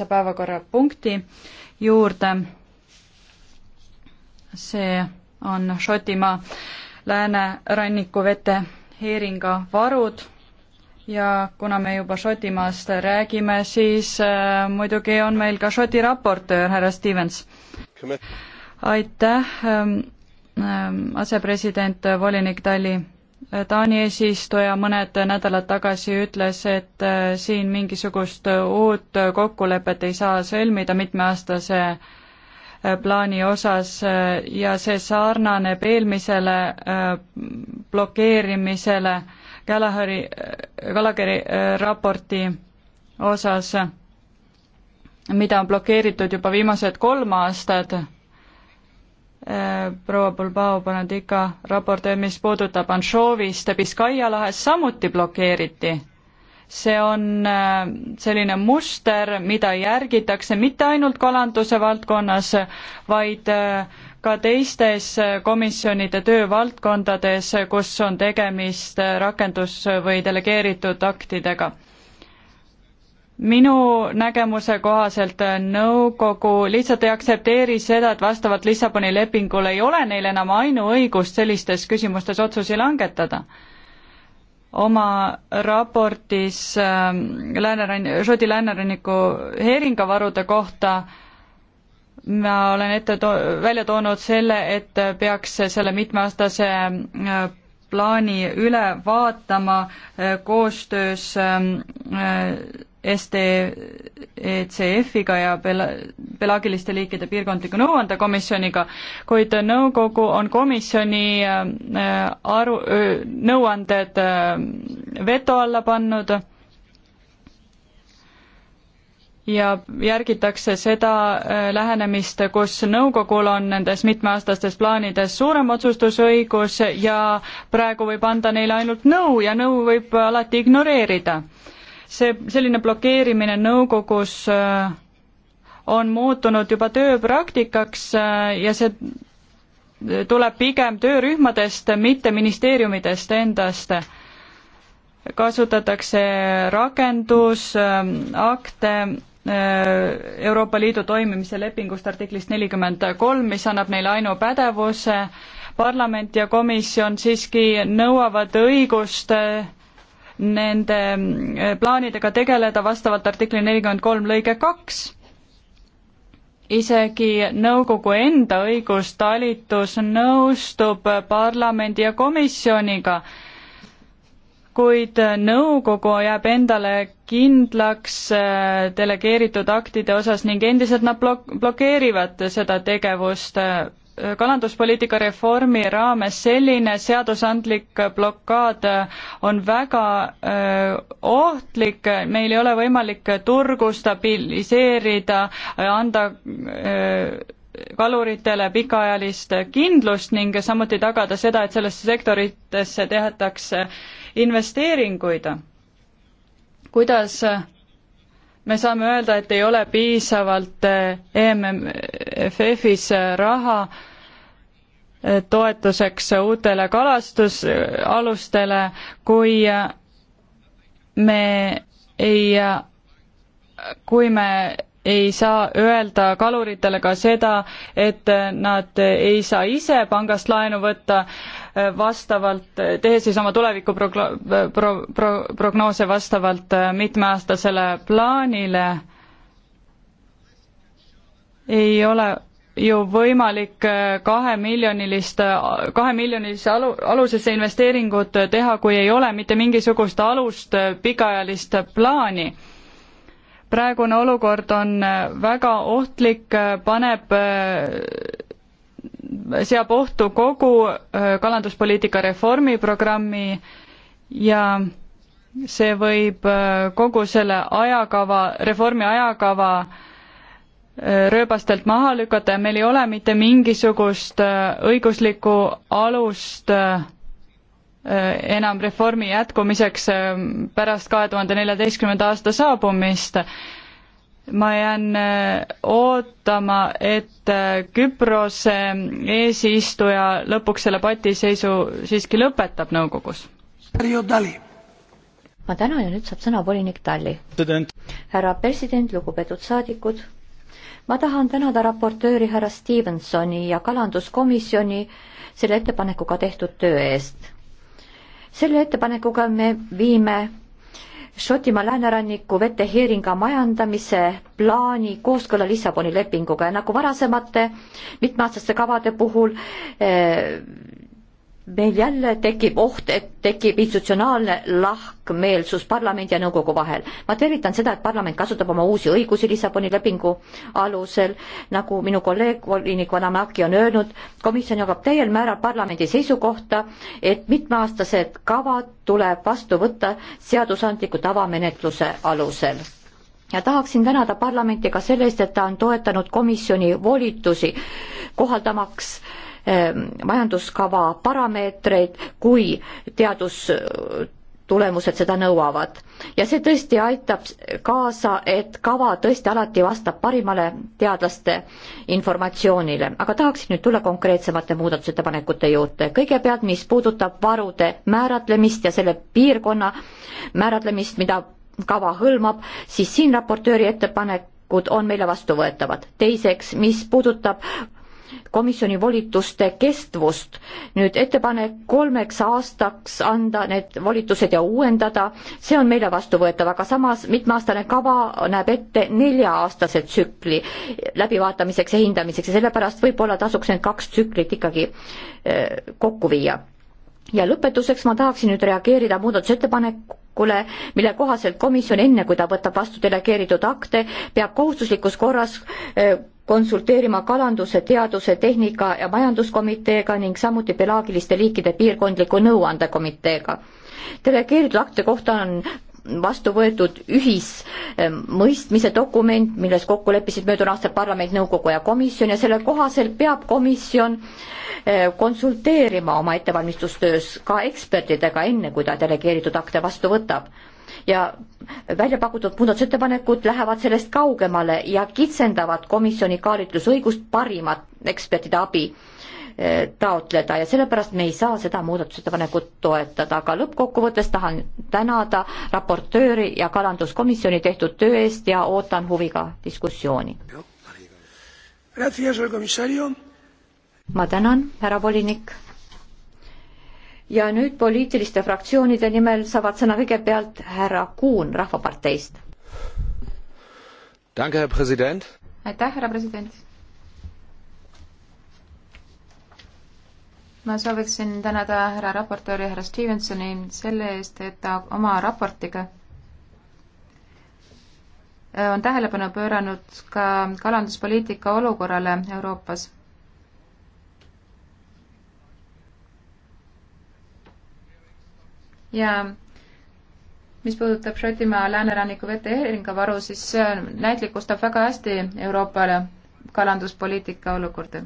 tähtsa päevakorrapunkti juurde. see on Šotimaa läänerannikuvete heeringa varud ja kuna me juba Šotimaast räägime, siis äh, muidugi on meil ka Šoti raportöör härra Stevens. aitäh ähm,, ähm, asepresident, äh, volinik Tali Taani eesistuja mõned nädalad tagasi ütles, et äh, siin mingisugust uut kokkulepet ei saa sõlmida mitmeaastase äh, plaani osas äh, ja see sarnaneb eelmisele blokeerimisele Gallagheri, Gallagheri raporti osas, mida on blokeeritud juba viimased kolm aastat Äh, proua Bilbao Bonandica raport, mis puudutab Anšoovist Biskaia lahes, samuti blokeeriti. see on äh, selline muster, mida järgitakse mitte ainult kalanduse valdkonnas, vaid äh, ka teistes komisjonide töövaldkondades, kus on tegemist rakendus- või delegeeritud aktidega minu nägemuse kohaselt nõukogu lihtsalt ei aktsepteeri seda, et vastavalt Lissaboni lepingule ei ole neil enam ainuõigust sellistes küsimustes otsusi langetada. oma raportis äh, Läänerann-, Šoti lääneranniku heeringavarude kohta ma olen ette to-, välja toonud selle, et peaks selle mitmeaastase äh, plaani üle vaatama äh, koostöös ähm, äh, STECF-iga ja pela-, pelaagiliste liikide piirkondliku nõuandekomisjoniga, kuid nõukogu on komisjoni äh, aru, nõuanded äh, veto alla pannud ja järgitakse seda äh, lähenemist, kus nõukogul on nendes mitmeaastastes plaanides suurem otsustusõigus ja praegu võib anda neile ainult nõu ja nõu võib alati ignoreerida see, selline blokeerimine nõukogus äh, on muutunud juba tööpraktikaks äh, ja see tuleb pigem töörühmadest, mitte ministeeriumidest endast. kasutatakse rakendusakte äh, Euroopa Liidu toimimise lepingust artiklist nelikümmend kolm, mis annab neile ainupädevuse, parlament ja komisjon siiski nõuavad õigust äh, nende mm, eh, plaanidega tegeleda vastavalt artikli nelikümmend kolm lõige kaks. isegi nõukogu enda õigustalitus nõustub parlamendi ja komisjoniga, kuid nõukogu jääb endale kindlaks eh, delegeeritud aktide osas ning endiselt nad blok-, blokeerivad seda tegevust eh, kalanduspoliitika reformi raames selline seadusandlik blokaad äh, on väga äh, ohtlik, meil ei ole võimalik turgu stabiliseerida, äh, anda kaluritele pikaajalist kindlust ning samuti tagada seda, et sellesse sektoritesse tehatakse investeeringuid. kuidas me saame öelda, et ei ole piisavalt EMFF-is raha äh, toetuseks uutele kalastusalustele, kui me ei, kui me ei saa öelda kaluritele ka seda, et nad ei saa ise pangast laenu võtta, vastavalt, tehes siis oma tuleviku proglo-, pro-, pro-, prognoose vastavalt mitmeaastasele plaanile, ei ole ju võimalik äh, kahemiljonilist, äh, kahemiljonilise alu, alusesse investeeringut äh, teha, kui ei ole mitte mingisugust alust, pikaajalist plaani. praegune olukord on väga ohtlik, paneb, seab ohtu kogu kalanduspoliitika reformiprogrammi ja see võib kogu selle ajakava, reformi ajakava rööbastelt maha lükata ja meil ei ole mitte mingisugust äh, õiguslikku alust äh, äh, enam reformi jätkumiseks pärast kahe tuhande neljateistkümnenda aasta saabumist. ma jään ootama, et Küprose eesistuja lõpuks selle patiseisu siiski lõpetab nõukogus. ma tänan ja nüüd saab sõna volinik Talli. härra president, lugupeetud saadikud ma tahan tänada raportööri härra Stevensoni ja kalanduskomisjoni selle ettepanekuga tehtud töö eest. selle ettepanekuga me viime Šotimaa lääneranniku veteheeringa majandamise plaani kooskõla Lissaboni lepinguga ja nagu varasemate mitmeaastaste kavade puhul eh, meil jälle tekib oht, et tekib institutsionaalne lahkmeelsus parlamendi ja nõukogu vahel. ma tervitan seda, et parlament kasutab oma uusi õigusi Lissaboni lepingu alusel, nagu minu kolleeg volinik Vanamaki on öelnud, komisjon jagab täiel määral parlamendi seisukohta, et mitmeaastased kavad tuleb vastu võtta seadusandliku tavamenetluse alusel ja tahaksin tänada parlamenti ka selle eest, et ta on toetanud komisjoni volitusi kohaldamaks äh, Ehm, majanduskava parameetreid, kui teadustulemused seda nõuavad. ja see tõesti aitab kaasa, et kava tõesti alati vastab parimale teadlaste informatsioonile, aga tahaksin nüüd tulla konkreetsemate muudatusettepanekute juurde. kõigepealt, mis puudutab varude määratlemist ja selle piirkonna määratlemist, mida kava hõlmab, siis siin raportööri ettepanekud on meile vastuvõetavad. teiseks, mis puudutab komisjoni volituste kestvust. nüüd ettepanek kolmeks aastaks anda need volitused ja uuendada, see on meile vastuvõetav, aga samas mitmeaastane kava näeb ette nelja-aastase tsükli läbivaatamiseks ja hindamiseks ja sellepärast võib-olla tasuks need kaks tsüklit ikkagi eh, kokku viia. ja lõpetuseks ma tahaksin nüüd reageerida muudatusettepaneku ettepanekule, mille kohaselt komisjon enne, kui ta võtab vastu delegeeritud akte, peab kohustuslikus korras eh, konsulteerima kalanduse, teaduse, tehnika ja majanduskomiteega ning samuti pelaagiliste liikide piirkondliku nõuandekomiteega. delegeeritud akte kohta on vastu võetud ühismõistmise dokument, milles kokku leppisid möödunud aastal parlament, nõukogu ja komisjon ja selle kohaselt peab komisjon eh, konsulteerima oma ettevalmistustöös ka ekspertidega, enne kui ta delegeeritud akte vastu võtab ja välja pakutud muudatusettepanekud lähevad sellest kaugemale ja kitsendavad komisjoni kaalutlusõigust parimat ekspertide abi eh, taotleda ja sellepärast me ei saa seda muudatusettepanekut toetada, aga lõppkokkuvõttes tahan tänada raportööri ja kalanduskomisjoni tehtud töö eest ja ootan huviga diskussiooni. ma tänan, härra volinik ja nüüd poliitiliste fraktsioonide nimel saavad sõna kõigepealt härra Kuun Rahvaparteist. aitäh, härra president. ma sooviksin tänada härra raportööri, härra Stevensoni selle eest, et ta oma raportiga on tähelepanu pööranud ka kalanduspoliitika olukorrale Euroopas ja mis puudutab Šotimaa lääneranniku veteeringa varu, siis see näitlikustab väga hästi Euroopa kalanduspoliitika olukorda.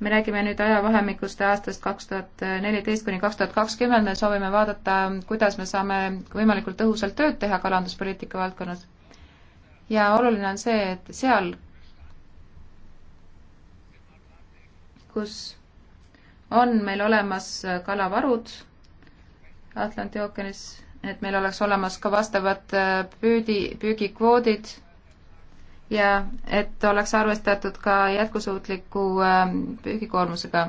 me räägime nüüd ajavahemikust aastast kaks tuhat neliteist kuni kaks tuhat kakskümmend, me soovime vaadata, kuidas me saame võimalikult tõhusalt tööd teha kalanduspoliitika valdkonnas. ja oluline on see, et seal, kus on meil olemas kalavarud Atlandi ookeanis, et meil oleks olemas ka vastavad äh, püüdi, püügikvoodid ja et oleks arvestatud ka jätkusuutliku ähm, püügikoormusega.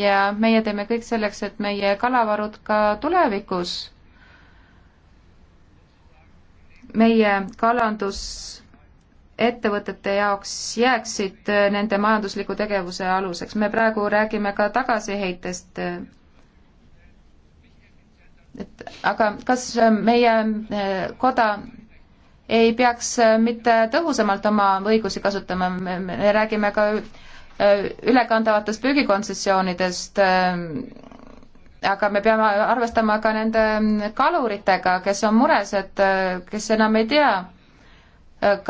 ja meie teeme kõik selleks, et meie kalavarud ka tulevikus meie kalandusettevõtete jaoks jääksid äh, nende majandusliku tegevuse aluseks. me praegu räägime ka tagasiheitest äh, et aga kas äh, meie äh, koda ei peaks äh, mitte tõhusamalt oma õigusi kasutama, me räägime ka ülekandavatest püügikontsessioonidest, aga me peame arvestama ka nende kaluritega, kes on mures, et kes enam ei tea,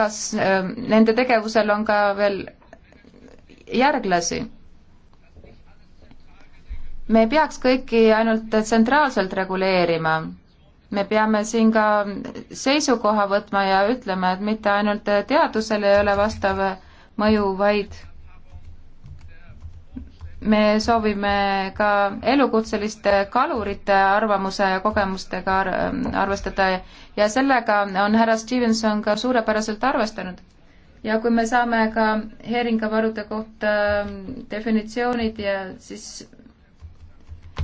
kas nende tegevusel on ka veel järglasi me ei peaks kõiki ainult tsentraalselt reguleerima, me peame siin ka seisukoha võtma ja ütlema, et mitte ainult teadusel ei ole vastav mõju, vaid me soovime ka elukutseliste kalurite arvamuse ja kogemustega ar arvestada ja sellega on härra Stevenson ka suurepäraselt arvestanud ja kui me saame ka heeringavarude kohta ähm, definitsioonid ja siis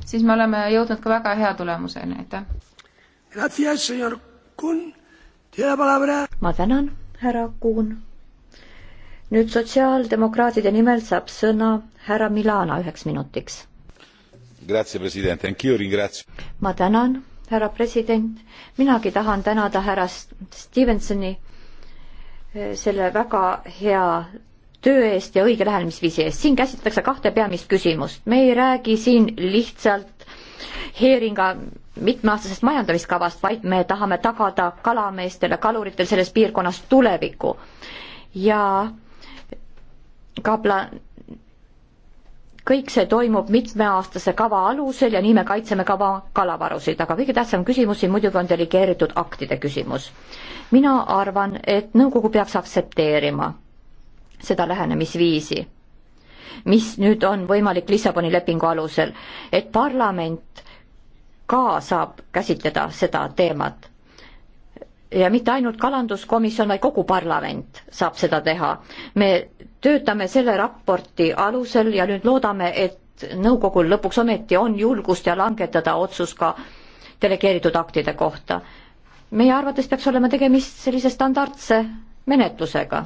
siis me oleme jõudnud ka väga hea tulemuseni, aitäh. ma tänan, härra Kuhn. nüüd sotsiaaldemokraatide nimel saab sõna härra Milana üheks minutiks. ma tänan, härra president, minagi tahan tänada härra Stevensoni eh, selle väga hea töö eest ja õige lähenemisviisi eest. siin käsitletakse kahte peamist küsimust. me ei räägi siin lihtsalt Heeringa mitmeaastasest majandamiskavast, vaid me tahame tagada kalameestele, kaluritel selles piirkonnas tuleviku. ja ka pla-, kõik see toimub mitmeaastase kava alusel ja nii me kaitseme kava kalavarusid, aga kõige tähtsam küsimus siin muidugi on delegeeritud aktide küsimus. mina arvan, et nõukogu peaks aktsepteerima seda lähenemisviisi, mis nüüd on võimalik Lissaboni lepingu alusel, et parlament ka saab käsitleda seda teemat. ja mitte ainult kalanduskomisjon, vaid kogu parlament saab seda teha. me töötame selle raporti alusel ja nüüd loodame, et nõukogul lõpuks ometi on julgust ja langetada otsus ka delegeeritud aktide kohta. meie arvates peaks olema tegemist sellise standardse menetlusega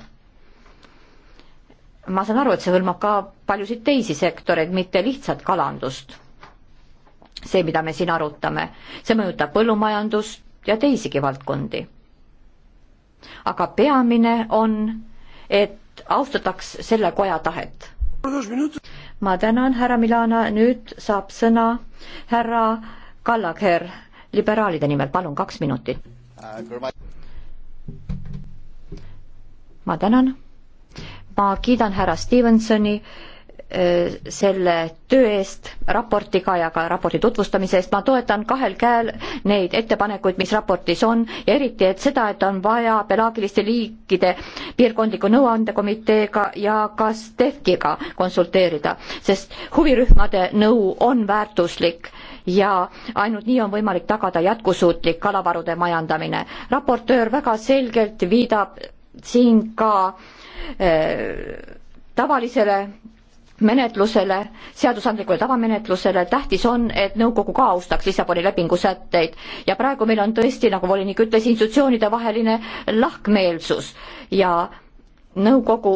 ma saan aru, et see hõlmab ka paljusid teisi sektoreid, mitte lihtsalt kalandust. see, mida me siin arutame, see mõjutab põllumajandust ja teisigi valdkondi. aga peamine on, et austataks selle koja tahet. ma tänan, härra Milana, nüüd saab sõna härra Kallagher liberaalide nimel, palun kaks minutit. ma tänan ma kiidan härra Stevensoni äh, selle töö eest raportiga ja ka raporti tutvustamise eest, ma toetan kahel käel neid ettepanekuid, mis raportis on ja eriti, et seda, et on vaja pelaagiliste liikide piirkondliku nõuandekomiteega ja ka STEFKiga konsulteerida, sest huvirühmade nõu on väärtuslik ja ainult nii on võimalik tagada jätkusuutlik kalavarude majandamine. raportöör väga selgelt viidab siin ka äh, Äh, tavalisele menetlusele, seadusandlikule tavamenetlusele, tähtis on, et nõukogu ka austaks Lissaboni lepingu sätteid ja praegu meil on tõesti, nagu volinik ütles, institutsioonide vaheline lahkmeelsus ja nõukogu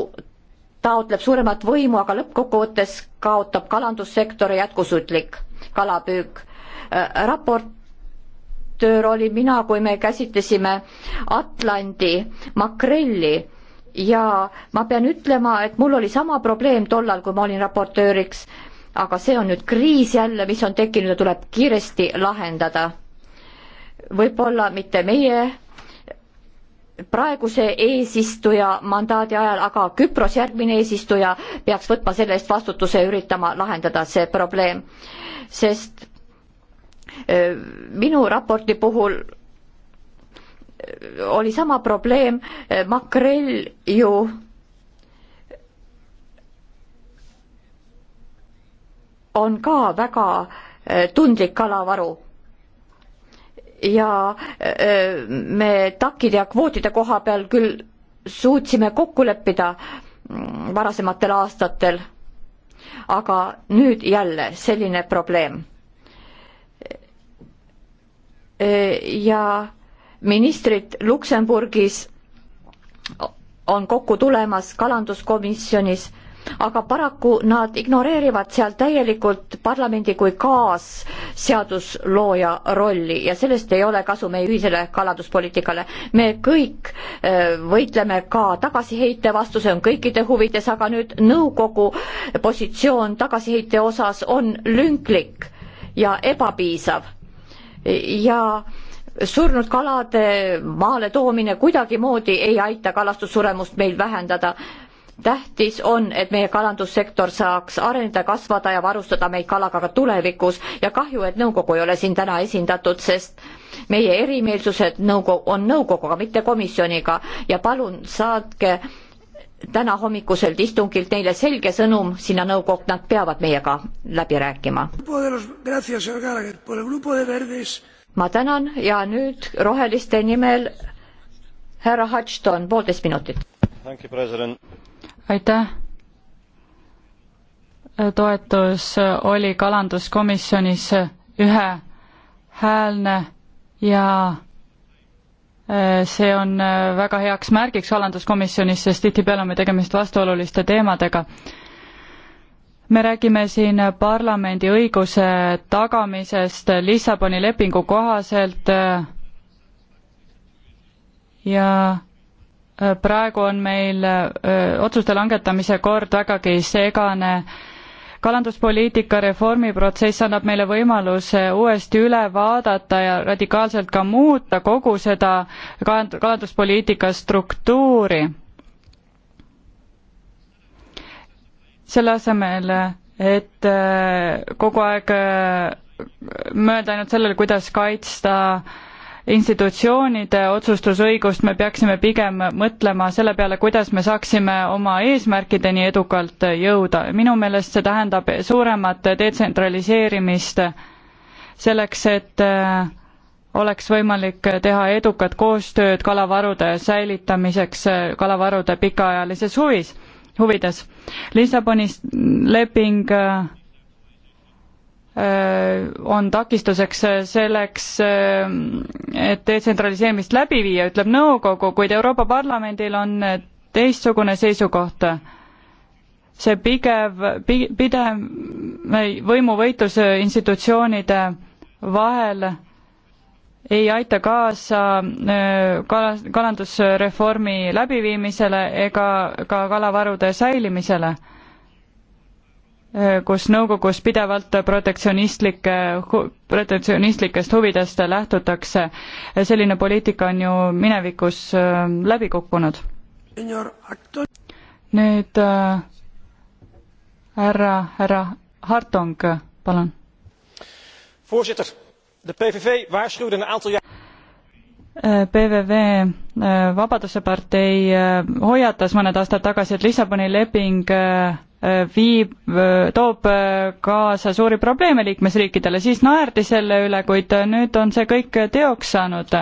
taotleb suuremat võimu, aga lõppkokkuvõttes kaotab kalandussektori jätkusuutlik kalapüük äh,. raportöör olin mina, kui me käsitlesime Atlandi makrelli ja ma pean ütlema, et mul oli sama probleem tollal, kui ma olin raportööriks, aga see on nüüd kriis jälle, mis on tekkinud ja tuleb kiiresti lahendada. võib-olla mitte meie praeguse eesistuja mandaadi ajal, aga Küpros järgmine eesistuja peaks võtma selle eest vastutuse ja üritama lahendada see probleem. sest äh, minu raporti puhul oli sama probleem, makrell ju on ka väga äh, tundlik kalavaru. ja äh, me takkide ja kvootide koha peal küll suutsime kokku leppida mm, varasematel aastatel, aga nüüd jälle selline probleem. Äh, ja ministrid Luksemburgis on kokku tulemas kalanduskomisjonis, aga paraku nad ignoreerivad seal täielikult parlamendi kui kaasseaduslooja rolli ja sellest ei ole kasu meie ühisele kalanduspoliitikale. me kõik eh, võitleme ka tagasiheite vastu, see on kõikide huvides, aga nüüd nõukogu positsioon tagasiheite osas on lünklik ja ebapiisav ja äh, surnud kalade maale toomine kuidagimoodi ei aita kalastussuremust meil vähendada. tähtis on, et meie kalandussektor saaks areneda, kasvada ja varustada meid kalaga ka tulevikus ja kahju, et nõukogu ei ole siin täna esindatud, sest meie erimeelsused nõukogu, on nõukoguga, mitte komisjoniga ja palun saatke täna hommikuselt istungilt neile selge sõnum sinna nõukokku, nad peavad meiega läbi rääkima ma tänan ja nüüd roheliste nimel härra Hatchton, poolteist minutit. aitäh. toetus oli kalanduskomisjonis ühehäälne ja e, see on e, väga heaks märgiks kalanduskomisjonis, sest tihtipeale on meil tegemist vastuoluliste teemadega me räägime siin parlamendi õiguse tagamisest Lissaboni lepingu kohaselt äh, ja äh, praegu on meil äh, otsuste langetamise kord vägagi segane kalanduspoliitika reformiprotsess annab meile võimaluse uuesti üle vaadata ja radikaalselt ka muuta kogu seda kalanduspoliitika struktuuri selle asemel, et äh, kogu aeg äh, mõelda ainult sellele, kuidas kaitsta institutsioonide otsustusõigust, me peaksime pigem mõtlema selle peale, kuidas me saaksime oma eesmärkideni edukalt jõuda. minu meelest see tähendab suuremat detsentraliseerimist selleks, et äh, oleks võimalik teha edukat koostööd kalavarude säilitamiseks kalavarude pikaajalises huvis huvides. Lissaboni leping äh, äh, on takistuseks äh, selleks, et detsentraliseerimist läbi viia, ütleb nõukogu, kuid Euroopa Parlamendil on teistsugune seisukoht. see pigev, pidev võimuvõitlus institutsioonide vahel ei aita kaasa kala, kalandusreformi läbiviimisele ega ka kalavarude säilimisele, kus nõukogus pidevalt protektsionistlike, protektsionistlikest huvidest lähtutakse. selline poliitika on ju minevikus läbi kukkunud. nüüd härra, härra Hartong, palun. voorzitter PVV eh, eh, Vabaduse partei eh, hoiatas mõned aastad tagasi, et Lissaboni leping viib, toob kaasa suuri probleeme liikmesriikidele, siis naerdi selle üle, kuid nüüd on see kõik teoks saanud.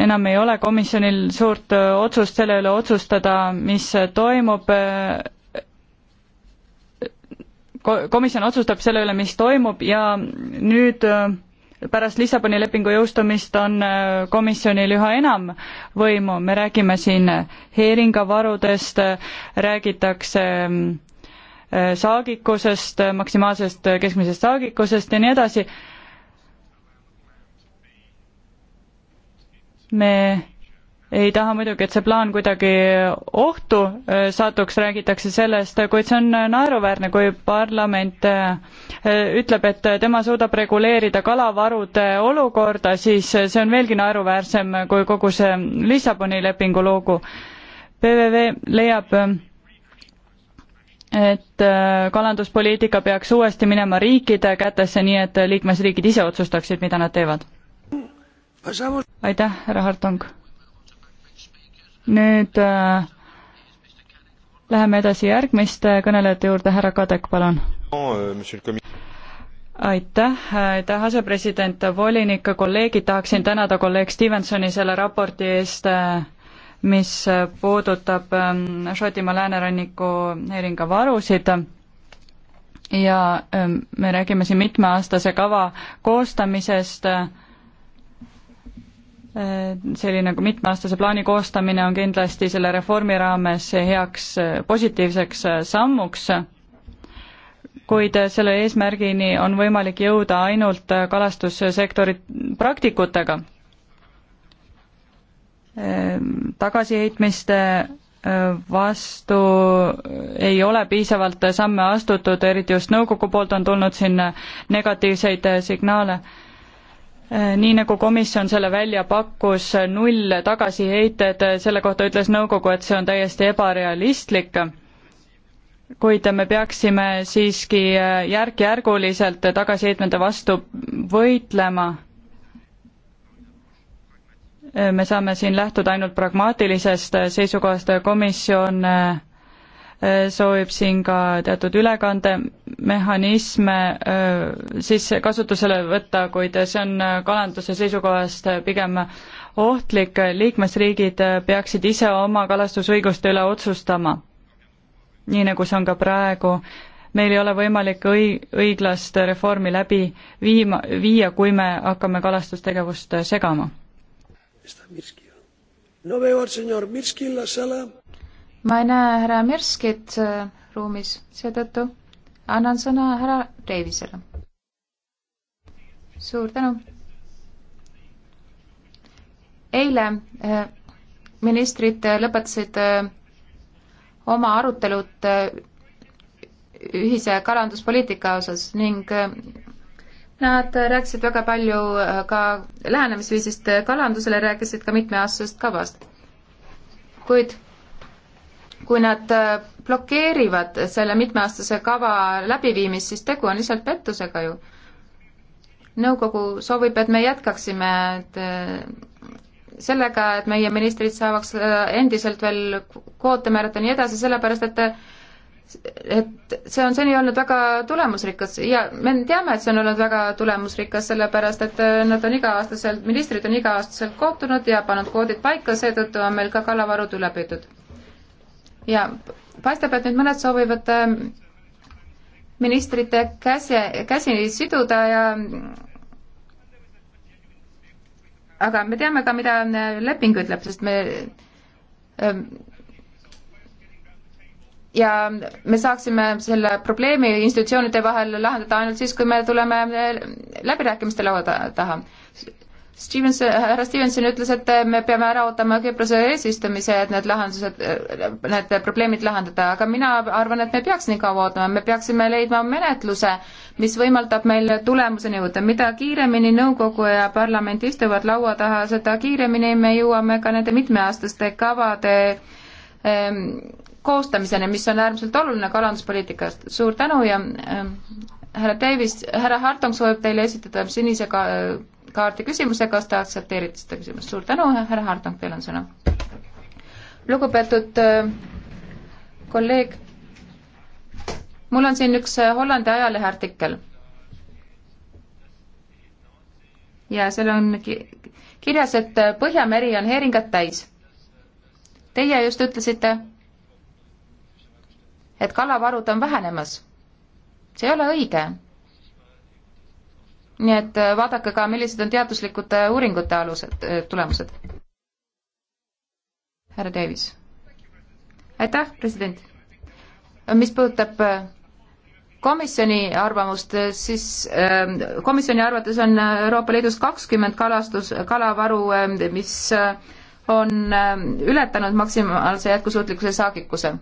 enam ei ole komisjonil suurt otsust selle üle otsustada, mis toimub komisjon otsustab selle üle, mis toimub ja nüüd äh, pärast Lissaboni lepingu jõustumist on äh, komisjonil üha enam võimu, me räägime siin äh, heeringavarudest, räägitakse mm, saagikusest, maksimaalsest keskmisest saagikusest ja nii edasi. me ei taha muidugi, et see plaan kuidagi ohtu äh, satuks, räägitakse sellest, kuid see on äh, naeruväärne, kui parlament äh, ütleb, et tema suudab reguleerida kalavarude olukorda, siis see on veelgi naeruväärsem kui kogu see Lissaboni lepingu lugu. PVV leiab, et kalanduspoliitika peaks uuesti minema riikide kätesse, nii et liikmesriigid ise otsustaksid, mida nad teevad. aitäh, härra Hartong! nüüd äh, läheme edasi järgmiste kõnelejate juurde, härra Kadek, palun. aitäh, aitäh, asepresident, volinik, kolleegid, tahaksin tänada kolleeg Stevensoni selle raporti eest äh, mis puudutab ähm, Šotimaa lääneranniku häiringavarusid ja ähm, me räägime siin mitmeaastase kava koostamisest äh, selline nagu mitmeaastase plaani koostamine on kindlasti selle reformi raames heaks positiivseks sammuks, kuid selle eesmärgini on võimalik jõuda ainult kalastussektori praktikutega. tagasiheitmiste vastu ei ole piisavalt samme astutud, eriti just nõukogu poolt on tulnud siin negatiivseid signaale Äh, nii nagu komisjon selle välja pakkus, null tagasiheited, äh, selle kohta ütles nõukogu, et see on täiesti ebarealistlik, kuid me peaksime siiski äh, järk-järguliselt tagasiheitmete vastu võitlema. me saame siin lähtuda ainult pragmaatilisest seisukohast, komisjon soovib siin ka teatud ülekandemehhanisme äh, siis kasutusele võtta, kuid see on äh, kalanduse seisukohast äh, pigem ohtlik, liikmesriigid peaksid ise oma kalastusõiguste üle otsustama. nii nagu see on ka praegu, meil ei ole võimalik õi-, õiglast reformi läbi viima, viia, kui me hakkame kalastustegevust segama ma ei näe härra Mirskit äh, ruumis, seetõttu annan sõna härra Davisele. suur tänu. eile äh, ministrid äh, lõpetasid oma arutelud ühise kalanduspoliitika osas ning nad rääkisid väga palju ka lähenemisviisist kalandusele, rääkisid ka mitmeaastasest kavast. kuid kui nad äh, blokeerivad selle mitmeaastase kava läbiviimist, siis tegu on lihtsalt pettusega ju. nõukogu soovib, et me jätkaksime et äh, sellega, et meie ministrid saavaks äh, endiselt veel kvoote määrata ja nii edasi, sellepärast et et see on seni olnud väga tulemusrikas ja me teame, et see on olnud väga tulemusrikas, sellepärast et nad on iga-aastaselt, ministrid on iga-aastaselt kohtunud ja pannud kvoodid paika, seetõttu on meil ka kalavarud üle püütud ja paistab, et nüüd mõned soovivad ähm, ministrite käsi, käsi siduda ja aga me teame ka, mida ähm, leping ütleb, sest me ähm, ja me saaksime selle probleemi institutsioonide vahel lahendada ainult siis, kui me tuleme äh, läbirääkimiste laua taha. Stevens, härra Stevenson ütles, et me peame ära ootama Küprose eesistumise, et need lahendused, need probleemid lahendada, aga mina arvan, et me peaks nii kaua ootama, me peaksime leidma menetluse, mis võimaldab meil tulemuseni jõuda. mida kiiremini nõukogu ja parlament istuvad laua taha, seda kiiremini me jõuame ka nende mitmeaastaste kavade ähm, koostamiseni, mis on äärmiselt oluline kalanduspoliitikas. suur tänu ja ähm, härra Davis, härra Hartong soovib teile esitada sinise ka- äh,, kaardi küsimuse, kas te aktsepteerite seda küsimust? suur tänu, härra Hardong, teil on sõna. lugupeetud äh, kolleeg, mul on siin üks äh, Hollandi ajalehe artikkel. ja seal on kirjas, et äh, Põhjameri on heeringat täis. Teie just ütlesite, et kalavarud on vähenemas. see ei ole õige nii et äh, vaadake ka, millised on teaduslikute äh, uuringute alused, äh, tulemused. härra Davis. aitäh, president. mis puudutab komisjoni arvamust, siis ähm, komisjoni arvates on Euroopa Liidus kakskümmend kalastus, kalavaru, ähm, mis on ähm, ületanud maksimaalse jätkusuutlikkuse saagikuse.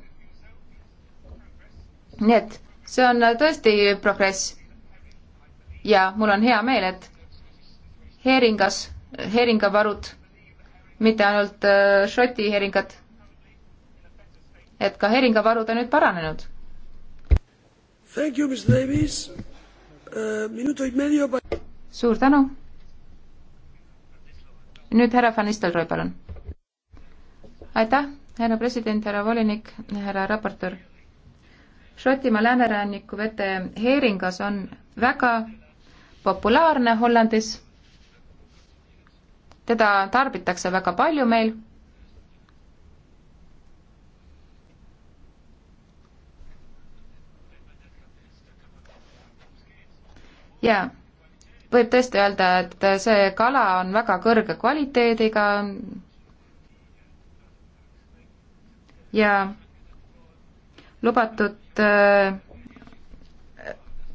nii et see on tõesti progress ja mul on hea meel, et heeringas, heeringavarud, mitte ainult äh, Šoti heeringad, et ka heeringavarud on nüüd paranenud. Uh, suur tänu. nüüd härra Van Nistelrooy, palun. aitäh, härra president, härra volinik, härra raportöör. Šotimaa lääneranniku vete heeringas on väga populaarne Hollandis. teda tarbitakse väga palju meil. ja võib tõesti öelda, et see kala on väga kõrge kvaliteediga. ja lubatud äh,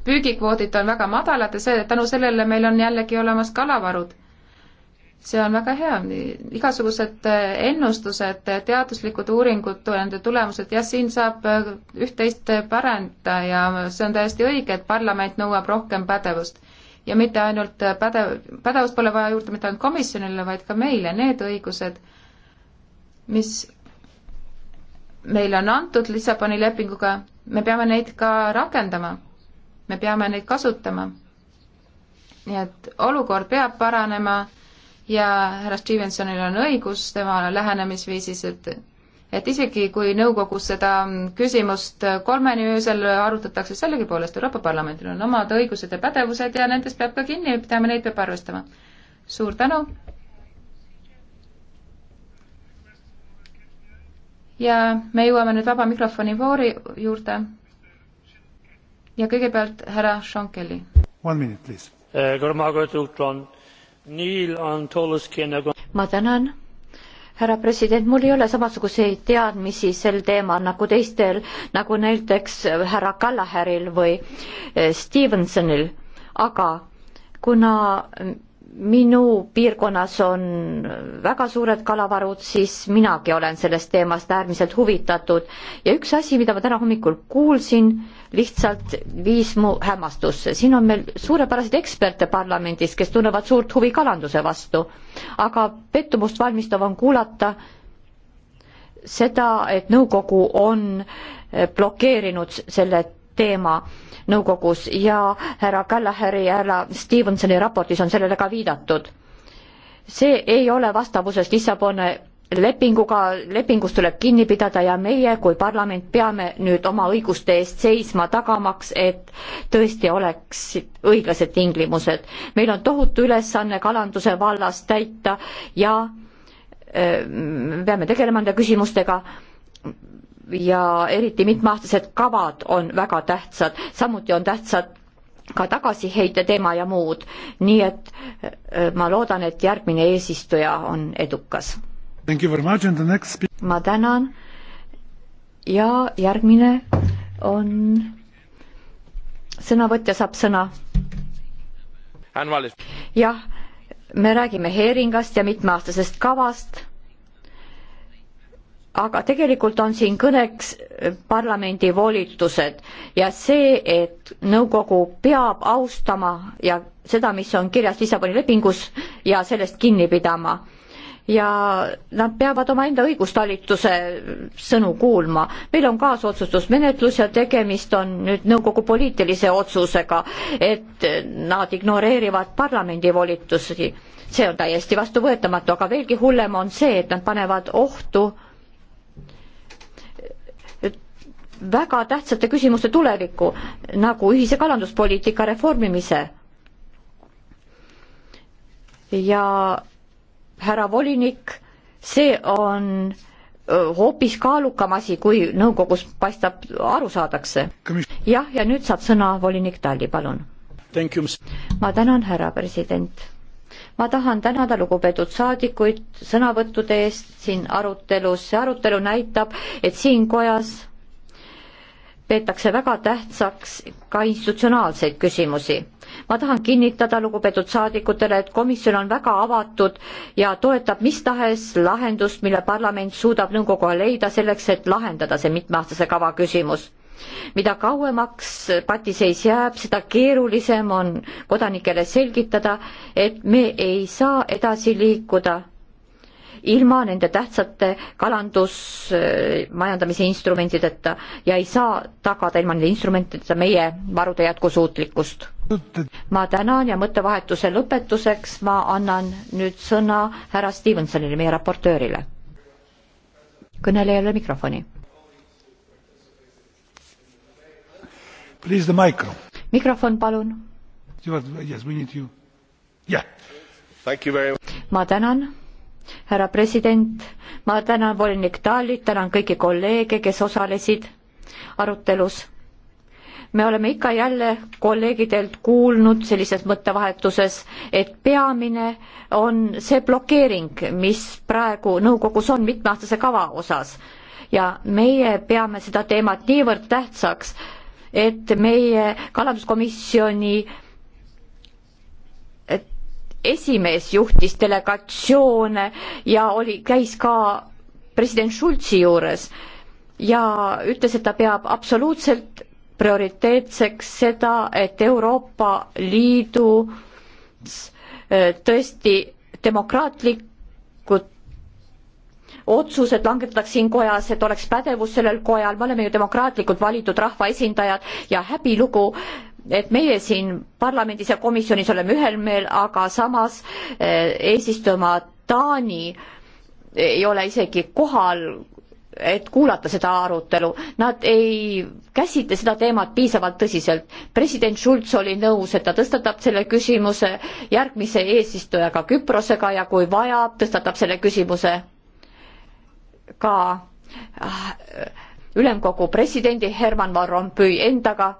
püügikvoodid on väga madalad ja see, tänu sellele meil on jällegi olemas kalavarud. see on väga hea, igasugused äh, ennustused, äh, teaduslikud uuringud, nende tulemused, jah, siin saab äh, üht-teist parandada ja see on täiesti õige, et parlament nõuab rohkem pädevust. ja mitte ainult pädev, pädevust pole vaja juurde mitte ainult komisjonile, vaid ka meile, need õigused, mis meile on antud Lissaboni lepinguga, me peame neid ka rakendama me peame neid kasutama. nii et olukord peab paranema ja härra Stevensonil on õigus tema lähenemisviisis, et et isegi, kui nõukogus seda küsimust kolmeni öösel arutatakse, sellegipoolest Euroopa Parlamendil on omad õigused ja pädevused ja nendest peab ka kinni pidama, neid peab arvestama. suur tänu. ja me jõuame nüüd vaba mikrofoni voori juurde ja kõigepealt härra Sean Kelly. One minute please. Eh, ma tänan härra president, mul ei ole samasuguseid teadmisi sel teemal nagu teistel, nagu näiteks härra Kallahäril või eh, Stevensonil, aga kuna minu piirkonnas on väga suured kalavarud, siis minagi olen sellest teemast äärmiselt huvitatud ja üks asi, mida ma täna hommikul kuulsin, lihtsalt viis mu hämmastusse. siin on meil suurepäraseid eksperte parlamendis, kes tunnevad suurt huvi kalanduse vastu, aga pettumust valmistav on kuulata seda, et nõukogu on blokeerinud selle teema nõukogus ja härra Kallaheri ja härra Stevensoni raportis on sellele ka viidatud. see ei ole vastavuses Lissaboni lepinguga, lepingust tuleb kinni pidada ja meie kui parlament peame nüüd oma õiguste eest seisma, tagamaks, et tõesti oleksid õiglased tingimused. meil on tohutu ülesanne kalanduse vallas täita ja öö, peame tegelema nende küsimustega ja eriti mitmeaastased kavad on väga tähtsad, samuti on tähtsad ka tagasiheite teema ja muud, nii et äh, ma loodan, et järgmine eesistuja on edukas. Next... ma tänan ja järgmine on, sõnavõtja saab sõna. jah, me räägime Heeringast ja mitmeaastasest kavast aga tegelikult on siin kõneks parlamendi volitused ja see, et nõukogu peab austama ja seda, mis on kirjas Lissaboni lepingus ja sellest kinni pidama. ja nad peavad omaenda õigustalituse sõnu kuulma. meil on kaasotsustusmenetlus ja tegemist on nüüd nõukogu poliitilise otsusega, et nad ignoreerivad parlamendi volitusi. see on täiesti vastuvõetamatu, aga veelgi hullem on see, et nad panevad ohtu väga tähtsate küsimuste tulevikku, nagu ühise kalanduspoliitika reformimise. ja härra volinik, see on hoopis kaalukam asi, kui nõukogus paistab, aru saadakse. jah, ja nüüd saab sõna volinik Talli, palun. ma tänan, härra president. ma tahan tänada lugupeetud saadikuid sõnavõttude eest siin arutelus, see arutelu näitab, et siin kojas peetakse väga tähtsaks ka institutsionaalseid küsimusi. ma tahan kinnitada lugupeetud saadikutele, et komisjon on väga avatud ja toetab mis tahes lahendust, mille parlament suudab nõukoguga leida selleks, et lahendada see mitmeaastase kava küsimus mida kauemaks patiseis jääb, seda keerulisem on kodanikele selgitada, et me ei saa edasi liikuda ilma nende tähtsate kalandusmajandamise instrumentideta ja ei saa tagada ilma nende instrumentideta meie varude jätkusuutlikkust. ma tänan ja mõttevahetuse lõpetuseks ma annan nüüd sõna härra Stevensonile, meie raportöörile. kõnelejale mikrofoni. Micro. mikrofon palun. Yes, yeah. ma tänan härra president, ma tänan volinik Talit, tänan kõiki kolleege, kes osalesid arutelus. me oleme ikka jälle kolleegidelt kuulnud sellises mõttevahetuses, et peamine on see blokeering, mis praegu nõukogus on mitmeaastase kava osas ja meie peame seda teemat niivõrd tähtsaks, et meie kalanduskomisjoni esimees juhtis delegatsioone ja oli, käis ka president Schulzi juures ja ütles, et ta peab absoluutselt prioriteetseks seda, et Euroopa Liidu äh, tõesti demokraatlikud otsused langetataks siin kojas, et oleks pädevus sellel kojal, me oleme ju demokraatlikult valitud rahvaesindajad ja häbilugu et meie siin parlamendis ja komisjonis oleme ühel meel, aga samas eh, eesistuma Taani ei ole isegi kohal, et kuulata seda arutelu. Nad ei käsitle seda teemat piisavalt tõsiselt. president Schulz oli nõus, et ta tõstatab selle küsimuse järgmise eesistujaga Küprosega ja kui vaja, tõstatab selle küsimuse ka ah, ülemkogu presidendi Herman Van Rompuy endaga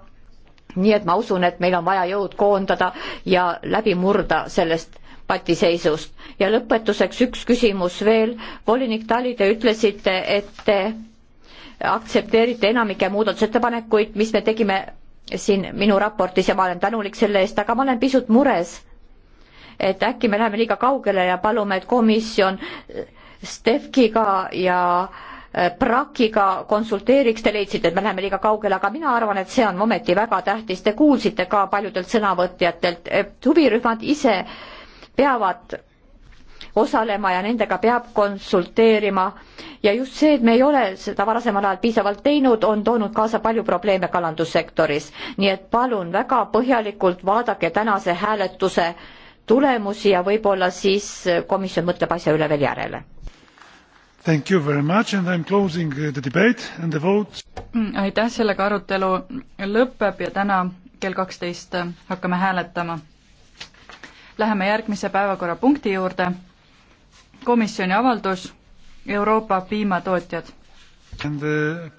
nii et ma usun, et meil on vaja jõud koondada ja läbi murda sellest patiseisust. ja lõpetuseks üks küsimus veel. volinik Tali, te ütlesite, et te aktsepteerite enamike muudatusettepanekuid, mis me tegime siin minu raportis ja ma olen tänulik selle eest, aga ma olen pisut mures, et äkki me läheme liiga kaugele ja palume, et komisjon Stefkiga ja äh, Äh, prakiga konsulteeriks, te leidsite, et me läheme liiga kaugele, aga mina arvan, et see on ometi väga tähtis, te kuulsite ka paljudelt sõnavõtjatelt, et huvirühmad ise peavad osalema ja nendega peab konsulteerima ja just see, et me ei ole seda varasemal ajal piisavalt teinud, on toonud kaasa palju probleeme kalandussektoris. nii et palun väga põhjalikult vaadake tänase hääletuse tulemusi ja võib-olla siis komisjon mõtleb asja üle veel järele Uh, mm, aitäh, sellega arutelu lõpeb ja täna kell kaksteist äh, hakkame hääletama. Läheme järgmise päevakorrapunkti juurde. komisjoni avaldus Euroopa piimatootjad. Uh,